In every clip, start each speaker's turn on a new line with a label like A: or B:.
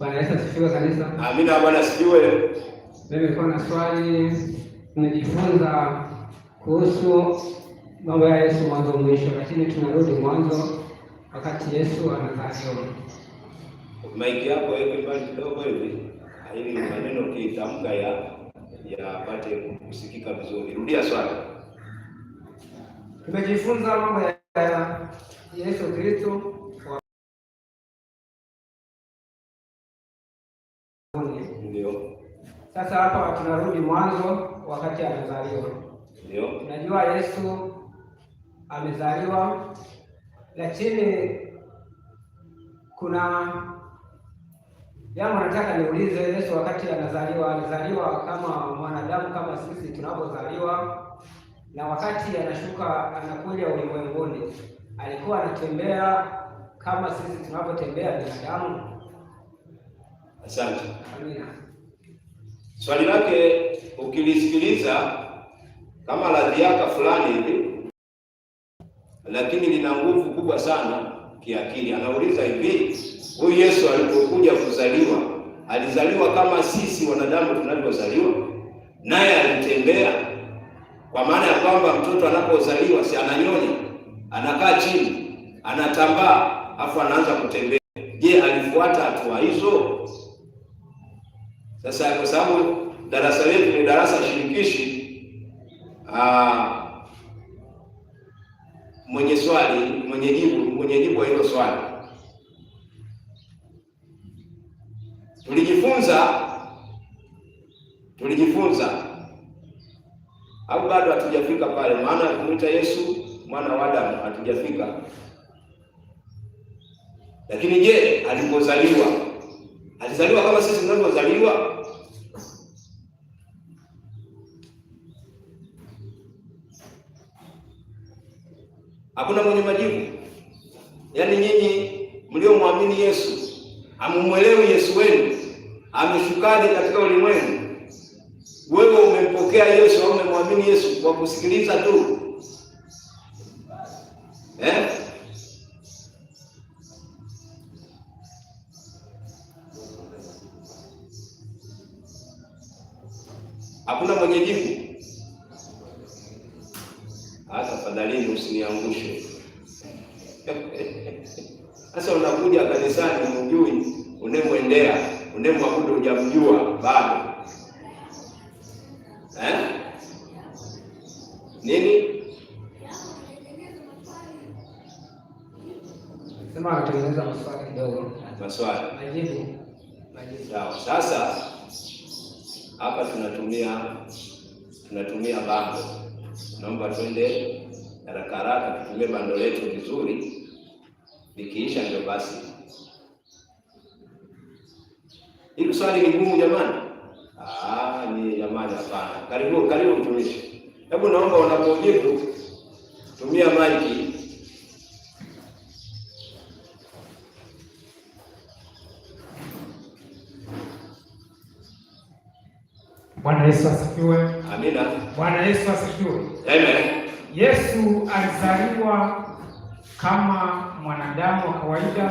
A: Bwana Yesu asifiwe kanisa.
B: Amina, Bwana asifiwe.
A: Mimi kwa na swali, nimejifunza kuhusu mambo ya Yesu mwanzo mwisho, lakini tunarudi mwanzo wakati Yesu anazaliwa.
B: Maiki yako iko mbali kidogo hivi, ili maneno kitamka ya yapate kusikika vizuri. Rudia swali.
A: Tumejifunza mambo ya Yesu Kristo Sasa hapa tunarudi mwanzo, wakati amezaliwa. Ndio tunajua Yesu amezaliwa, lakini kuna jambo nataka niulize. Yesu wakati anazaliwa, alizaliwa kama mwanadamu kama sisi tunapozaliwa, na wakati anashuka anakuja ulimwenguni, alikuwa anatembea kama sisi tunavyotembea binadamu? Asante, amina
B: swali lake ukilisikiliza kama la dhiaka fulani hivi, lakini lina nguvu kubwa sana kiakili. Anauliza hivi, huyu Yesu alipokuja kuzaliwa alizaliwa kama sisi wanadamu tunavyozaliwa? Naye alitembea? Kwa maana ya kwamba mtoto anapozaliwa si ananyonya, anakaa chini, anatambaa, afu anaanza kutembea. Je, alifuata hatua hizo? Sasa kwa sababu darasa letu ni darasa shirikishi, aa, ah, mwenye swali mwenye jibu mwenye jibu wa hilo swali tulijifunza tulijifunza au bado hatujafika pale, maana kumwita Yesu mwana wa Adamu hatujafika. Lakini je, alipozaliwa alizaliwa kama sisi tunavyozaliwa? Hakuna mwenye majibu. Yaani nyinyi mliomwamini Yesu, amumwelewi Yesu wenu ameshukaje katika ulimwengu? Wewe umempokea Yesu au umemwamini Yesu kwa kusikiliza tu eh? Hakuna mwenye jibu hata, fadhalini usiniangushe. Sasa unakuja kanisani, mjui unemwendea, unemwabudu, hujamjua bado eh? nini
A: sema, anatengeneza maswali kidogo, maswali majibu,
B: majibu. Sawa, sasa hapa tunatumia tunatumia bango Naomba twende haraka haraka, tutumie bando letu vizuri, likiisha ndio basi. Hili swali ni gumu jamani? Ah, ni jamani, hapana. Karibu karibu mtumishi, hebu naomba unapojibu tumia maji
A: Bwana Yesu asifiwe. Amen. Yesu alizaliwa kama mwanadamu wa kawaida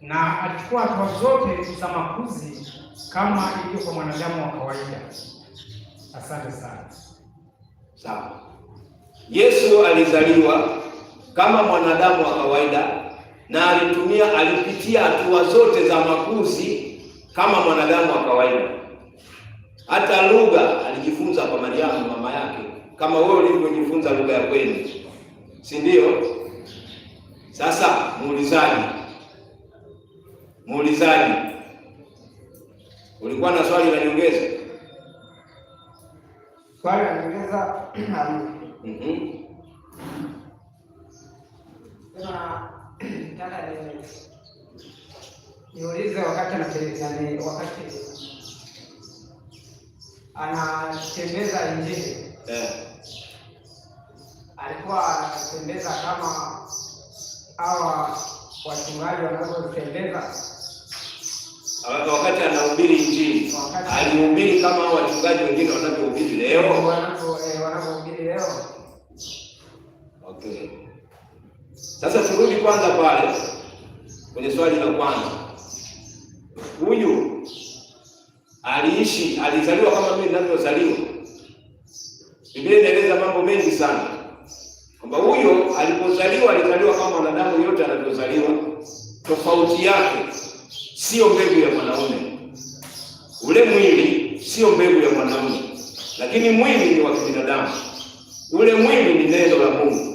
A: na alichukua hatua zote za makuzi kama ilivyo kwa mwanadamu wa kawaida. Asante sana.
B: Sawa. Yesu alizaliwa kama mwanadamu wa kawaida na alitumia, alipitia hatua zote za makuzi kama mwanadamu wa kawaida. Hata lugha alijifunza kwa Mariamu mama yake, kama wewe ulivyojifunza lugha ya kwenu, si ndio? Sasa muulizaji, muulizaji, ulikuwa na swali la nyongeza?
A: Swali la nyongeza mhm. niulize wakati anatembeza Injili yeah. Alikuwa anatembeza kama hawa wachungaji wanavyotembeza.
B: Wakati anahubiri Injili alihubiri kama hao wachungaji wengine wanavyohubiri leo, eh,
A: wanavyohubiri eh, leo.
B: Okay, sasa turudi kwanza pale kwenye swali la kwanza, huyu aliishi, alizaliwa kama mimi ninavyozaliwa. Biblia inaeleza mambo mengi sana kwamba huyo alipozaliwa alizaliwa kama wanadamu yote anavyozaliwa. Tofauti yake sio mbegu ya mwanaume, ule mwili sio mbegu ya mwanaume, lakini mwili ni wa kibinadamu, ule mwili ni neno la Mungu.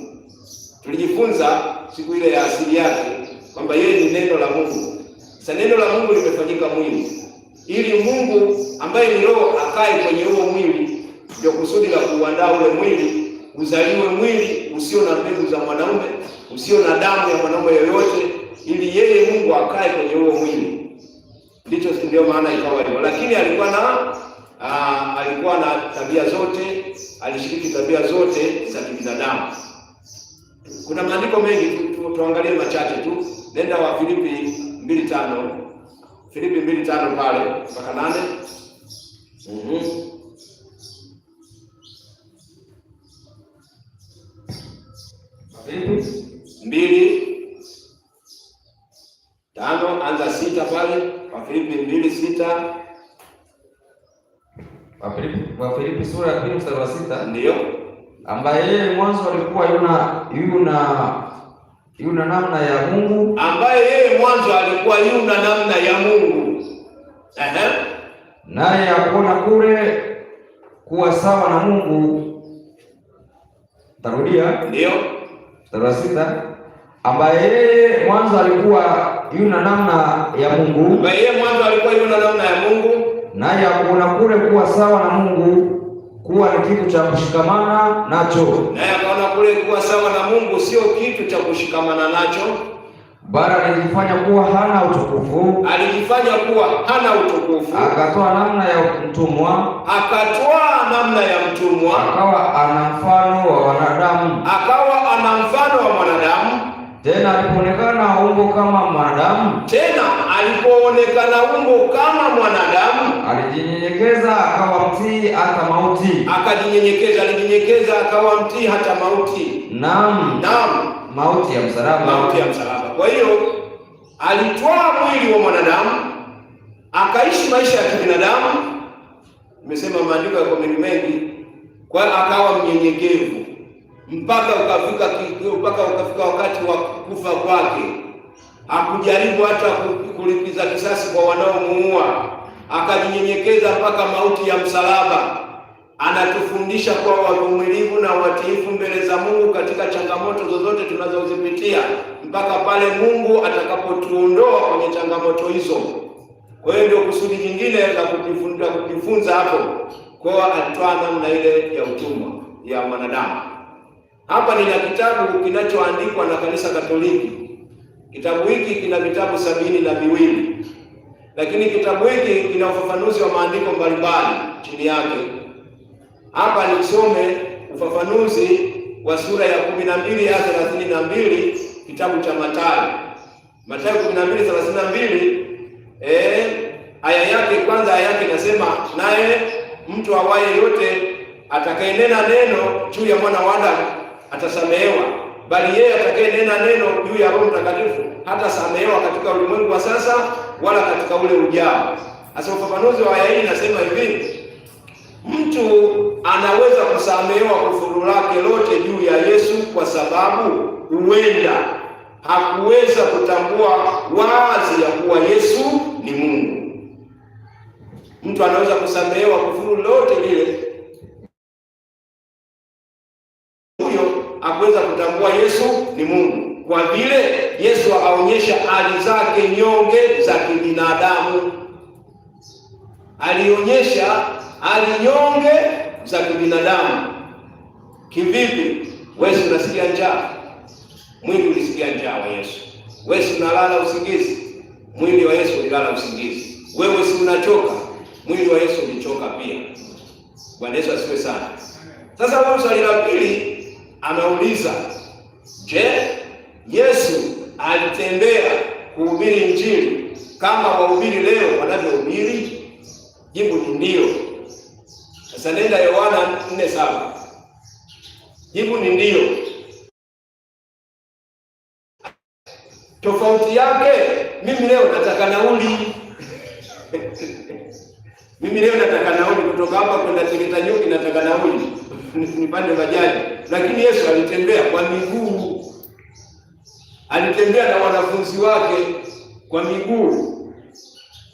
B: Tulijifunza siku ile ya asili yake kwamba yeye ni neno la Mungu. Sasa neno la Mungu limefanyika mwili ili Mungu ambaye ni roho akae kwenye huo mwili, ndio kusudi la kuuandaa ule mwili uzaliwe mwili usio na mbegu za mwanaume, usio na damu ya mwanaume yoyote, ili yeye Mungu akae kwenye huo mwili. Ndicho ndio maana ikawa hivyo, lakini alikuwa na aa, ah, alikuwa na tabia zote, alishiriki tabia zote za kibinadamu. Kuna maandiko mengi tu, tuangalie machache tu. Nenda wa Filipi 2:5 Filipi mbili tano pale mpaka nane. Mm-hmm. mbili tano anza sita pale Wafilipi mbili sita
A: Wafilipi sura ya pili mstari wa sita ndiyo ambaye yeye mwanzo alikuwa yuna yuna yuna namna ya Mungu,
B: ambaye yeye mwanzo alikuwa yuna namna ya Mungu,
A: naye akuona kule kuwa sawa na Mungu. Tarudia, ndio thelathini sita ambaye yeye mwanzo alikuwa yuna namna ya Mungu, ambaye
B: yeye mwanzo alikuwa yuna namna ya Mungu,
A: naye akuona kule kuwa sawa na Mungu kuwa ni kitu cha kushikamana nacho,
B: naye akaona kule kuwa sawa na Mungu sio kitu cha kushikamana nacho,
A: bali alijifanya kuwa hana utukufu,
B: alijifanya kuwa hana utukufu,
A: akatoa namna ya mtumwa,
B: akatoa namna ya mtumwa,
A: akawa ana mfano wa wanadamu,
B: akawa ana mfano wa mwanadamu
A: tena alipoonekana umbo kama mwanadamu,
B: tena alipoonekana umbo kama mwanadamu,
A: alijinyenyekeza akawa mtii hata mauti,
B: akajinyenyekeza, alijinyenyekeza akawa mtii hata mauti.
A: Naam, naam, mauti ya msalaba,
B: mauti ya msalaba. Kwa hiyo alitwaa mwili wa mwanadamu akaishi maisha ya kibinadamu, nimesema maandiko ya komeni mengi, kwa akawa mnyenyekevu mpaka ukafika mpaka ukafika wakati wa kufa kwake. Hakujaribu hata kulipiza kisasi kwa wanaomuua, akajinyenyekeza mpaka mauti ya msalaba. Anatufundisha kuwa wavumilivu na watiifu mbele za Mungu katika changamoto zozote tunazozipitia mpaka pale Mungu atakapotuondoa kwenye changamoto hizo. Kwa hiyo ndio kusudi jingine la kujifunza hapo, kwa atoa namna ile ya utumwa ya mwanadamu. Hapa nina kitabu kinachoandikwa na kanisa Katoliki. Kitabu hiki kina vitabu sabini na viwili, lakini kitabu hiki kina ufafanuzi wa maandiko mbalimbali chini yake. Hapa nisome ufafanuzi wa sura ya kumi na mbili ya thelathini na mbili kitabu cha Mathayo. Mathayo kumi na mbili thelathini na mbili eh, aya yake kwanza, aya yake inasema naye mtu awaye yote atakayenena neno juu ya mwana wa Adamu atasamehewa, bali yeye nena neno juu ya Roho Mtakatifu hatasamehewa katika ulimwengu wa sasa wala katika ule ujao. Sasa ufafanuzi wa aya hii inasema hivi, mtu anaweza kusamehewa kufuru lake lote juu ya Yesu kwa sababu huenda hakuweza kutambua wazi ya kuwa Yesu ni Mungu. Mtu anaweza kusamehewa kufuru lote lile kwa vile Yesu akaonyesha hali zake nyonge za kibinadamu, alionyesha hali nyonge za kibinadamu. Kivipi? Wewe unasikia njaa, mwili ulisikia njaa wa Yesu. Wewe unalala usingizi, mwili wa Yesu ulilala usingizi. Wewe si unachoka, mwili wa Yesu ulichoka pia. Bwana Yesu asifiwe sana. Sasa wewe, swali la pili anauliza, je, Yesu alitembea kuhubiri Injili kama wahubiri leo wanavyohubiri? Jibu ni ndio. Sasa nenda Yohana 4:7. Jibu ni ndio. Tofauti yake mimi leo nataka nauli. Mimi leo nataka nauli kutoka hapa kwenda Tegeta Nyuki nataka nauli. Nipande bajaji. Lakini Yesu alitembea kwa miguu alitembea na wanafunzi wake kwa miguu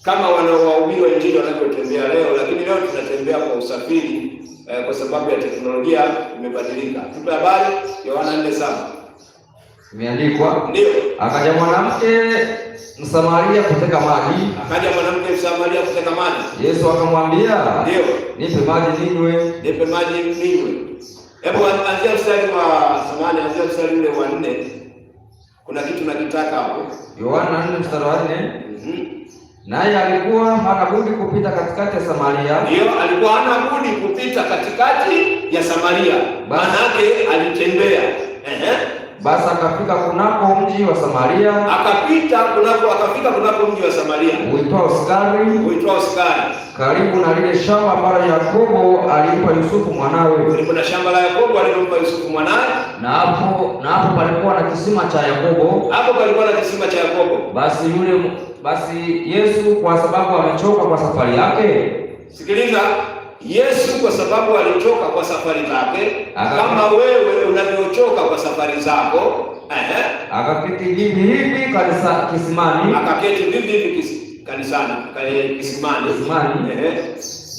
B: kama wanaohubiriwa Injili wanavyotembea leo, lakini leo tunatembea kwa usafiri eh, kwa sababu ya teknolojia imebadilika. Tupe habari ya nne saba
A: imeandikwa ndio. Akaja mwanamke Msamaria kuteka maji,
B: akaja mwanamke Msamaria kuteka maji.
A: Yesu akamwambia ndio, nipe maji ninywe,
B: nipe maji ninywe. Hebu anzia mstari wa samani, anzia mstari ule wa nne. Kuna kitu nakitaka hapo.
A: Yohana 4 mstari wa 4. Mhm. Naye alikuwa hana budi kupita katikati ya Samaria.
B: Ndio, alikuwa hana budi kupita katikati ya Samaria. Maana yake alitembea. Ehe.
A: Basi akafika kunako mji wa Samaria,
B: akapita kunako, akafika kunako mji wa Samaria
A: uitwao Sikari,
B: uitwao Sikari,
A: karibu na lile shamba ambalo Yakobo alimpa Yusufu mwanawe, karibu
B: na shamba la Yakobo alimpa Yusufu mwanawe. Na
A: hapo na hapo palikuwa na kisima cha Yakobo,
B: hapo palikuwa na kisima cha Yakobo.
A: Basi yule, basi Yesu kwa sababu amechoka kwa safari yake,
B: sikiliza Yesu kwa sababu alichoka kwa safari zake kama wewe unavyochoka kwa safari zako. Eh,
A: akaketi vivi hivi kanisa kisimani,
B: akaketi vivi hivi kanisani eh, kisimani.
A: Ehe,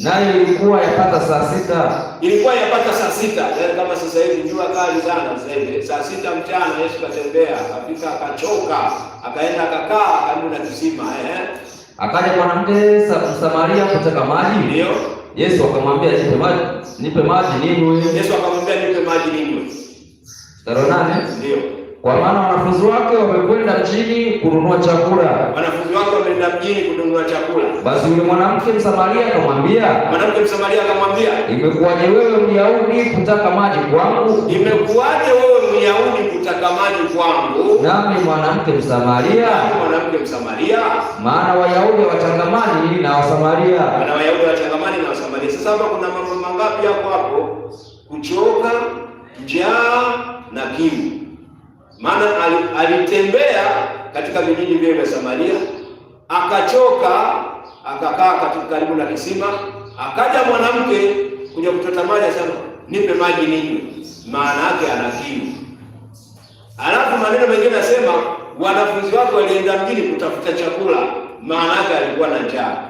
A: nayo ilikuwa yapata saa sita,
B: ilikuwa yapata saa sita. Yani eh, kama sasa hivi jua kali sana, sasa hivi saa sita mchana. Yesu katembea akafika, akachoka, akaenda akakaa karibu na kisima. eh.
A: akaja mwanamke Samaria kuteka maji, ndio Yesu akamwambia nipe maji, nipe maji ninywe. Yesu
B: akamwambia nipe maji ninywe.
A: Tarehe nane? Ndio. Kwa maana wanafunzi wake wamekwenda mjini kununua chakula.
B: Wanafunzi kwenda mjini kununua chakula.
A: Basi yule mwanamke Msamaria akamwambia,
B: mwanamke Msamaria akamwambia,
A: imekuwaje wewe Myahudi kutaka maji kwangu?
B: Imekuwaje wewe Myahudi kutaka maji kwangu?
A: Nami mwanamke Msamaria,
B: mwanamke Msamaria,
A: maana Wayahudi wachangamani na Wasamaria, maana
B: Wayahudi wachangamani na Wasamaria. Sasa hapa kuna mambo mangapi yako hapo? Kuchoka, njaa na kiu. Maana alitembea katika vijiji vile vya Samaria akachoka, akakaa katika karibu na kisima. Akaja mwanamke kuja kuchota maji, asema nipe maji ninywe, maana yake ana kiu. Alafu maneno mengine asema wanafunzi wake walienda mjini kutafuta chakula, maana yake alikuwa na njaa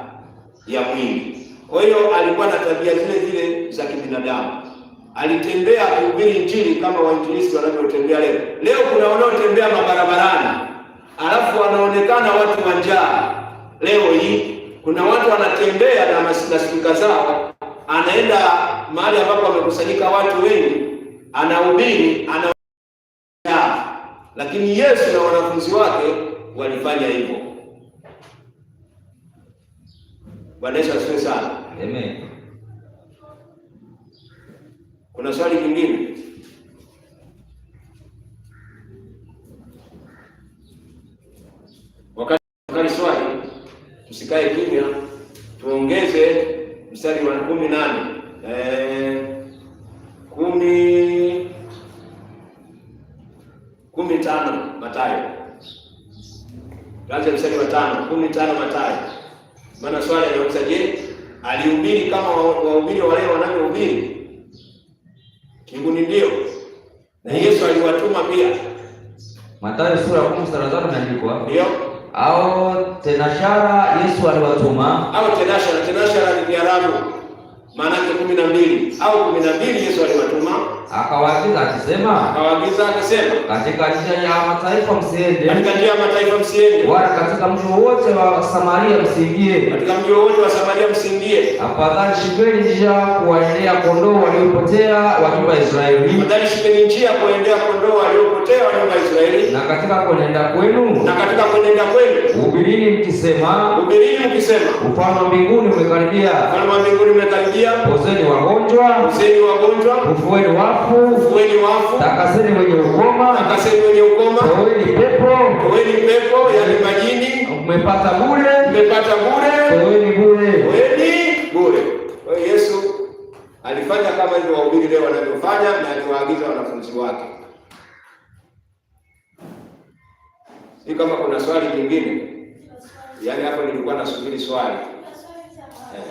B: ya mwili. Kwa hiyo alikuwa na tabia zile zile za kibinadamu. Alitembea kuhubiri Injili kama wainjilisti wanavyotembea leo. Leo kuna wanaotembea mabarabarani alafu wanaonekana watu wa njaa. Leo hii kuna watu wanatembea na masika zao, anaenda mahali ambapo wamekusanyika watu wengi, anahubiri ana lakini Yesu na wanafunzi wake walifanya hivyo. Bwana Yesu asifiwe sana. Amen. Kuna swali lingine? tusikae kimya, tuongeze mstari wa kumi nane eh, kumi kumi tano matayo tuanze mstari wa tano kumi tano matayo maana swali linauliza je, alihubiri kama wahubiri wa leo wanavyohubiri? Kinguni ndio, na Yesu aliwatuma pia.
A: matayo sura ya kumi mstari wa tano imeandikwa ndio au tenashara Yesu aliwatuma, au
B: tenashara. Tenashara ni Kiarabu, maana yake kumi na mbili au kumi na mbili Yesu aliwatuma,
A: akawaagiza akisema,
B: akawaagiza akisema,
A: katika njia ya mataifa msiende,
B: katika njia ya mataifa msiende,
A: wala katika mji wowote wa Samaria msiingie, katika
B: mji wowote wa Samaria msiingie,
A: afadhali shikeni njia kuwaendea kondoo waliopotea wa nyumba ya Israeli, afadhali
B: shikeni njia kuwaendea kondoo wa Israeli, na
A: katika kuenenda kwenu, na
B: katika kuenenda kwenu
A: ubirini mkisema,
B: ubirini mkisema,
A: ufalme wa mbinguni umekaribia, ufalme
B: wa mbinguni umekaribia. Pozeni
A: wagonjwa, pozeni wagonjwa, ufueni wafu, ufueni wafu, takaseni wenye ukoma,
B: takaseni wenye ukoma,
A: toeni pepo,
B: toeni pepo, yani majini,
A: umepata bure,
B: umepata bure,
A: toeni bure,
B: toeni bure. Yesu alifanya kama hivyo wahubiri leo wanavyofanya, na aliwaagiza wanafunzi wake Ni kama kuna swali jingine, yaani hapo nilikuwa nasubiri swali.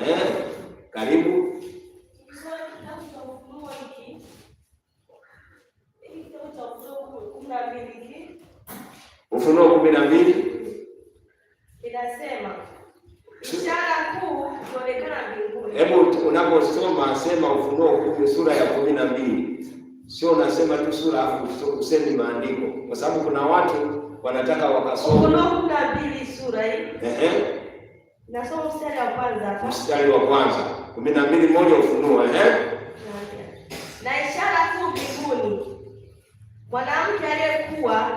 B: Ehe, karibu. Ufunuo kumi na mbili
C: inasema ishara kuu kuonekana mbinguni.
B: Hebu unaposoma sema Ufunuo kumi sura ya kumi na mbili, sio unasema tu sura afu usemi maandiko, kwa sababu kuna watu wanataka wakasome.
C: Ufunuo kumi na mbili sura hii. Ehe. Nasoma mstari wa kwanza.
B: Mstari wa kwanza. Kumi na mbili moja Ufunuo, ehe.
C: Na ishara kuu mbinguni. Mwanamke aliyekuwa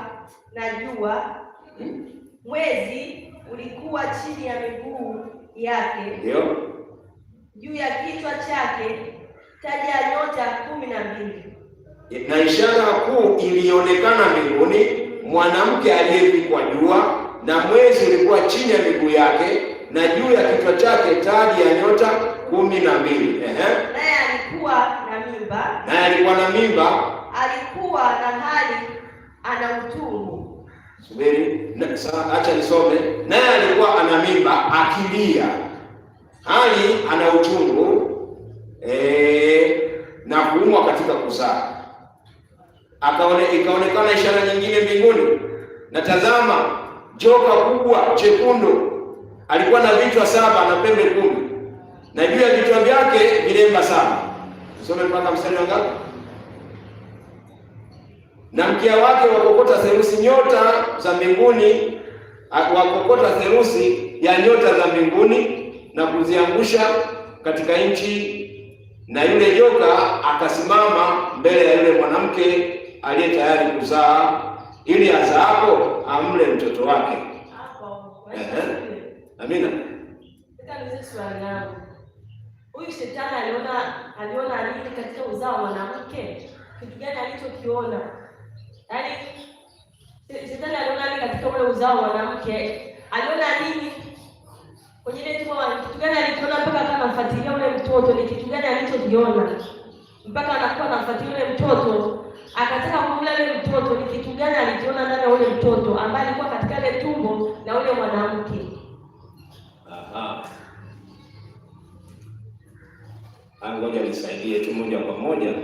C: na jua hmm? mwezi ulikuwa chini ya miguu yake. Ndio. Juu ya kichwa chake taji ya nyota kumi na mbili.
B: Na ishara kuu ilionekana mbinguni mwanamke aliyevikwa jua, na mwezi ulikuwa chini ya miguu yake, na juu ya kichwa chake taji ya nyota kumi na mbili. Ehe, naye
C: alikuwa na mimba, naye
B: alikuwa na mimba,
C: alikuwa na hali ana utungu.
B: Subiri, acha nisome. Naye alikuwa ana mimba akilia, hali ana uchungu e, na kuumwa katika kuzaa akaone, ikaonekana ishara nyingine mbinguni, na tazama joka kubwa chekundu alikuwa na vichwa saba na pembe kumi, na juu ya vichwa vyake vilemba saba. Some mpaka mstari wangapi? Na mkia wake wakokota theluthi nyota za mbinguni, wakokota theluthi ya nyota za mbinguni na kuziangusha katika nchi, na yule joka akasimama mbele ya yule mwanamke aliye tayari kuzaa ili azaapo amle mtoto wake. Amina.
C: Huyu shetani aliona aliona nini katika uzao wa mwanamke? Kitu gani alichokiona? Yaani shetani aliona nini katika ule uzao wa mwanamke? Aliona nini? Kwenye ile tumbo kitu gani alikiona mpaka kama anafuatilia ule mtoto? Ni kitu gani alichokiona? Mpaka anakuwa anafuatilia ule mtoto akataka kumla yule mtoto. Ni kitu gani alikiona ndani ya yule mtoto ambaye alikuwa katika ile tumbo na yule mwanamke? Aha,
B: angoja ah, nisaidie tu moja kwa moja.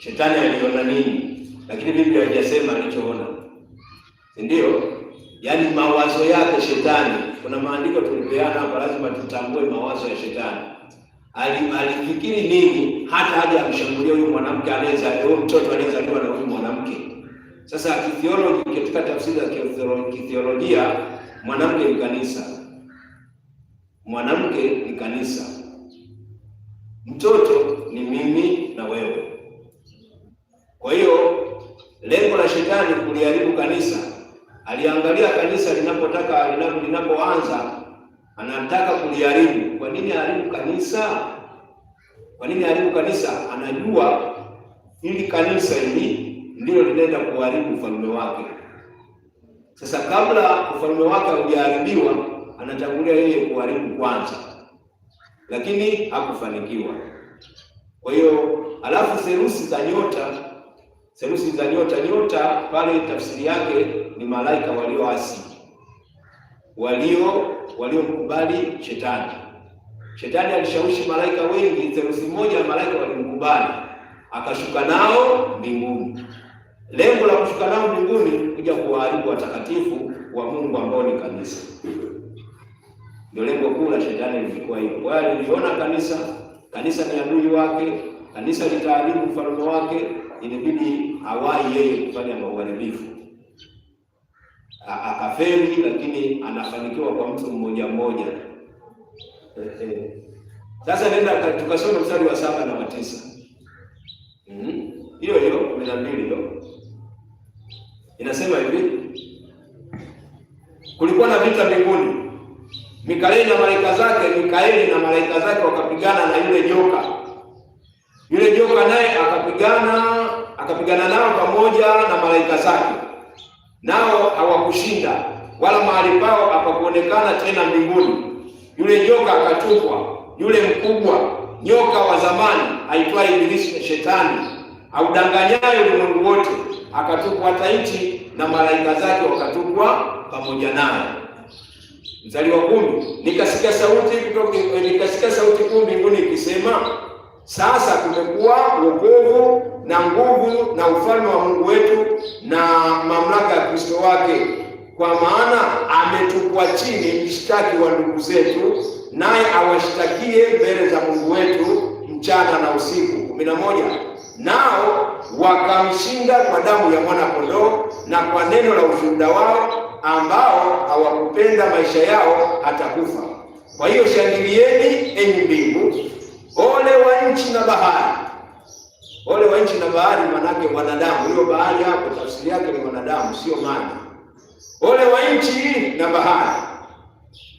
B: Shetani aliona nini? Lakini Biblia haijasema alichoona, si ndio? Yaani mawazo yake shetani. Kuna maandiko tulipeana hapa, lazima tutambue mawazo ya shetani alifikiri nini hata haja amshambulia huyu mwanamke anayezaliwa, mtoto aliyezaliwa na huyu mwanamke? Sasa kithioloji, katika tafsiri ya kithiolojia, mwanamke ni kanisa, mwanamke ni kanisa, mtoto ni mimi na wewe. Kwa hiyo lengo la shetani kuliharibu kanisa, aliangalia kanisa linapotaka linapoanza anataka kuliharibu. Kwa nini haribu kanisa? Kwa nini haribu kanisa? Anajua hili kanisa hili ndilo linaenda kuharibu ufalme wake. Sasa kabla ufalme wake haujaharibiwa, anatangulia yeye kuharibu kwanza, lakini hakufanikiwa. Kwa hiyo, alafu serusi za nyota, serusi za nyota, nyota pale tafsiri yake ni malaika walioasi walio waliomkubali shetani. Shetani alishawishi malaika wengi, theluthi moja ya malaika walimkubali, akashuka nao mbinguni. Lengo la kushuka nao mbinguni kuja kuwaharibu watakatifu wa Mungu ambao ni kanisa. Ndio lengo kuu la shetani lilikuwa hilo. Kwa hiyo aliliona kanisa, kanisa ni adui wake, kanisa litaharibu ufalme wake, ilibidi hawai yeye kufanya mauharibifu akafeli, lakini anafanikiwa kwa mtu mmoja mmoja. Sasa nenda tukasoma mstari wa saba na wa tisa mhm. hiyo hiyo kumi na mbili hiyo inasema hivi: kulikuwa na vita mbinguni, Mikaeli na malaika zake, Mikaeli na malaika zake wakapigana na yule joka. Yule joka naye akapigana, akapigana nao pamoja na malaika zake nao hawakushinda, wala mahali pao hapakuonekana tena mbinguni. Yule nyoka akatupwa, yule mkubwa nyoka wa zamani aitwaye Ibilisi na Shetani, audanganyaye ulimwengu wote, akatupwa hata nchi, na malaika zake wakatupwa pamoja naye. Mzaliwa kumi, nikasikia sauti kutoka, eh, nikasikia sauti kuu mbinguni ikisema sasa tumekuwa wokovu na nguvu na ufalme wa Mungu wetu na mamlaka ya Kristo wake, kwa maana ametukwa chini mshtaki wa ndugu zetu, naye awashtakie mbele za Mungu wetu mchana na usiku. kumi na moja. Nao wakamshinda kwa damu ya mwana kondoo na kwa neno la ushuhuda wao, ambao hawakupenda maisha yao hata kufa. Kwa hiyo shangilieni, enyi mbingu Ole wa nchi na bahari. Ole wa nchi na bahari, manake wanadamu. Hiyo bahari hapo tafsiri yake ni wanadamu, sio maji. Ole wa nchi na bahari,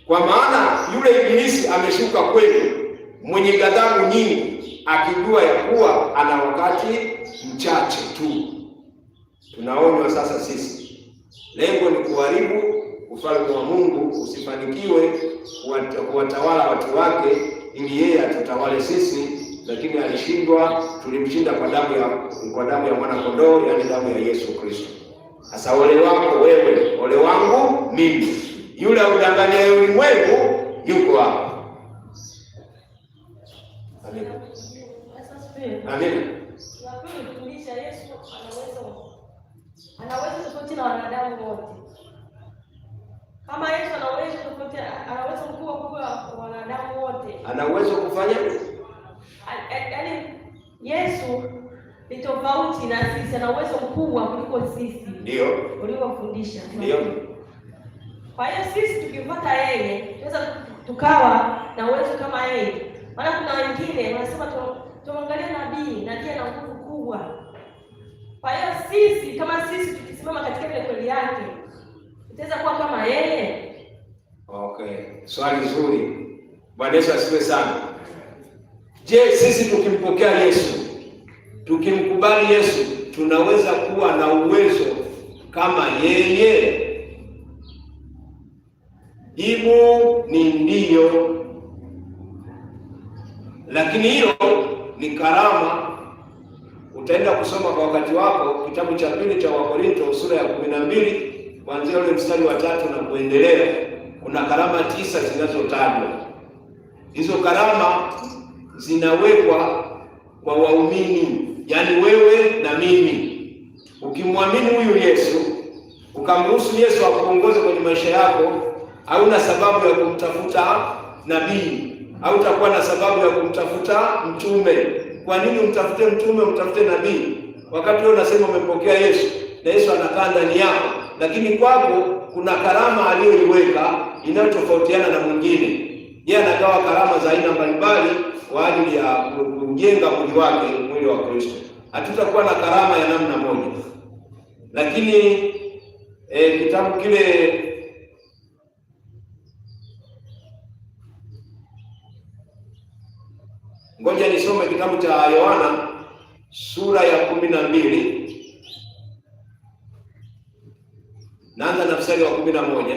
B: kwa maana yule ibilisi ameshuka kwenu mwenye ghadhabu nyingi, akijua ya kuwa ana wakati mchache tu. Tunaonywa sasa sisi, lengo ni kuharibu ufalme wa Mungu usifanikiwe kuwatawala watu wake ili yeye atutawale sisi, lakini alishindwa. Tulimshinda kwa damu ya kwa damu ya mwana kondoo, yaani damu ya Yesu Kristo. Sasa ole wako wewe, ole wangu mimi. Yule udanganya ulimwengu yuko hapo. Amina, amina.
C: Yesu anaweza, anaweza tofauti na wanadamu wote kama Yesu ana uwezo tofauti, ana uwezo mkubwa kwa wanadamu wote. Ana
B: uwezo kufanya?
C: Yaani Yesu ni tofauti na sisi, ana uwezo mkubwa kuliko sisi. Ndio. Uliofundisha. Ndio. Kwa hiyo sisi tukifuata yeye, tunaweza tukawa na uwezo kama yeye. Maana kuna wengine wanasema tuangalie nabii, nabii ana nguvu kubwa. Kwa hiyo sisi kama sisi tukisimama katika ile kweli yake Utaweza kuwa kama yeye?
B: Okay, swali nzuri. Bwana Yesu asifiwe sana. Je, sisi tukimpokea Yesu, tukimkubali Yesu, tunaweza kuwa na uwezo kama yeye? Jibu ni ndiyo, lakini hiyo ni karama. Utaenda kusoma kwa wakati wako kitabu cha pili cha Wakorinto sura ya kumi na mbili kuanzia ule mstari wa tatu na kuendelea, kuna karama tisa zinazotajwa. Hizo karama zinawekwa kwa waumini, yaani wewe na mimi. Ukimwamini huyu Yesu, ukamruhusu Yesu akuongoze kwenye maisha yako, hauna sababu ya kumtafuta nabii au utakuwa na sababu ya kumtafuta mtume. Kwa nini umtafute mtume, umtafute nabii, wakati wewe unasema umepokea Yesu na Yesu anakaa ndani yako? lakini kwako kuna karama aliyoiweka inayotofautiana na mwingine. Yeye anagawa karama za aina mbalimbali kwa ajili ya kujenga mwili wake, mwili wa Kristo. Hatutakuwa na karama ya namna moja, lakini e, kitabu kile Ngoja nisome kitabu cha Yohana sura ya kumi na mbili Naanza na mstari wa kumi na moja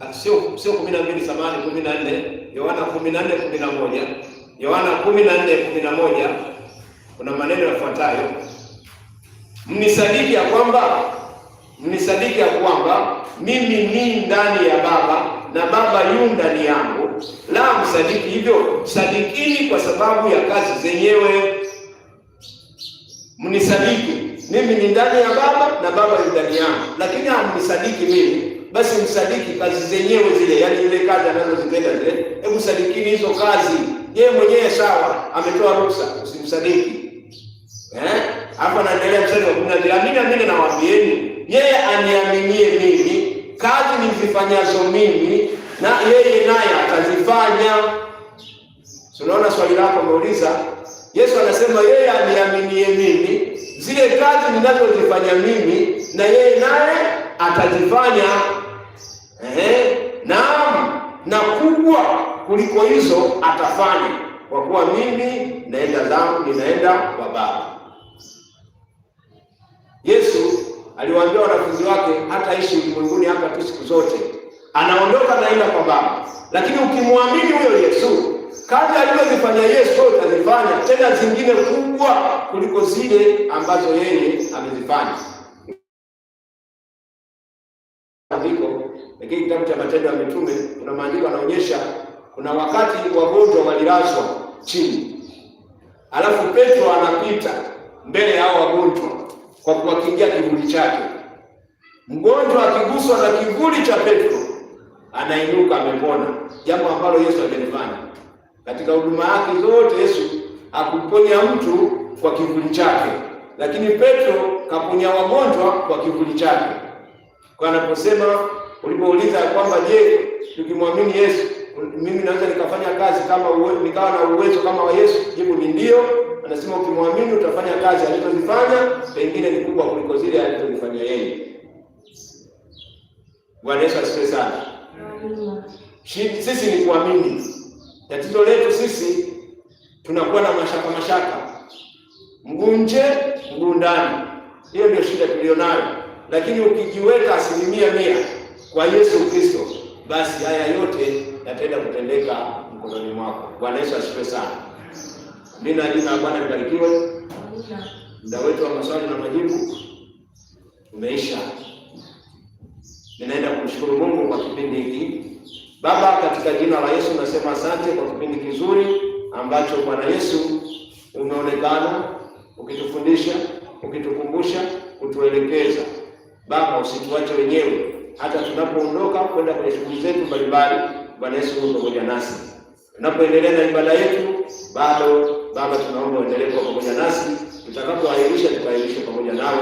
B: ah, sio sio kumi na mbili samani kumi na nne Yohana kumi na nne kumi na moja Yohana kumi na nne kumi na moja kuna maneno yafuatayo: mnisadiki ya kwamba mnisadiki ya kwamba mimi ni ndani ya Baba na Baba yu ndani yangu. La msadiki hivyo, sadikini kwa sababu ya kazi zenyewe. Mnisadiki mimi ni ndani ya Baba na Baba ni ndani yangu, lakini hamnisadiki mimi, basi msadiki kazi zenyewe zile, yani ile kazi anazozitenda zile, hebu sadikini hizo kazi. Yeye mwenyewe sawa, ametoa ruhusa, usimsadiki eh. Hapo naendelea mstari wa kumi na mbili, amini amini nawaambieni, yeye aniaminie mimi, kazi nizifanyazo mimi na yeye naye atazifanya. Tunaona swali lako ameuliza Yesu anasema yeye aniaminie mimi, zile kazi ninazozifanya mimi na yeye naye atazifanya, ehe, naam, na kubwa kuliko hizo atafanya, kwa kuwa mimi naenda zangu, ninaenda kwa Baba. Yesu aliwaambia wanafunzi wake hataishi ulimwenguni hapa tu siku zote, anaondoka naenda kwa Baba. Lakini ukimwamini huyo Yesu kazi alizozifanya Yesu utazifanya tena zingine kubwa kuliko zile ambazo yeye amezifanya. Andiko lakini kitabu cha Matendo ya Mitume kuna maandiko yanaonyesha kuna wakati wagonjwa walilazwa chini, alafu Petro anapita mbele ya hao wagonjwa kwa kuwakingia kivuli chake. Mgonjwa akiguswa na kivuli cha Petro anainuka amepona, jambo ambalo Yesu alilifanya. Katika huduma yake zote Yesu akuponya mtu kwa kivuli chake, lakini Petro kaponya wagonjwa kwa kivuli chake. Kwa anaposema ulipouliza kwamba je, tukimwamini Yesu mimi naweza nikafanya kazi kama uwe, nikawa na uwezo kama wa Yesu? Jibu ni ndio. Anasema ukimwamini utafanya kazi alizozifanya, pengine ni kubwa kuliko zile alizozifanya yeye. Bwana Yesu asifiwe sana. Sisi ni kuamini Tatizo letu sisi tunakuwa na mashaka mashaka, mguu nje, mguu ndani. Hiyo ndio shida tulionayo, lakini ukijiweka asilimia mia kwa Yesu Kristo, basi haya yote yataenda kutendeka mkononi mwako. Bwana Yesu asifiwe sana. Mimi na jina Bwana libarikiwe. Muda wetu wa maswali na majibu umeisha. Ninaenda kumshukuru Mungu kwa kipindi hiki Baba katika jina la Yesu nasema asante kwa kipindi kizuri ambacho Bwana Yesu umeonekana ukitufundisha, ukitukumbusha, kutuelekeza. Baba, usituache wenyewe, hata tunapoondoka kwenda kwenye shughuli zetu mbalimbali, Bwana Yesu pamoja nasi tunapoendelea na ibada yetu bado. Baba, tunaomba uendelee kuwa pamoja nasi, tutakapoahirisha tukaahirisha pamoja nawe.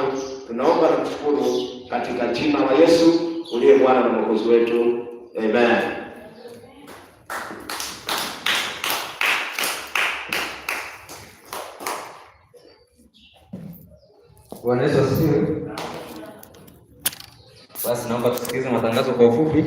B: Tunaomba na kushukuru katika jina la Yesu uliye Bwana na Mwokozi wetu, amen.
A: Bwana Yesu asifiwe. Basi naomba tusikize matangazo kwa ufupi.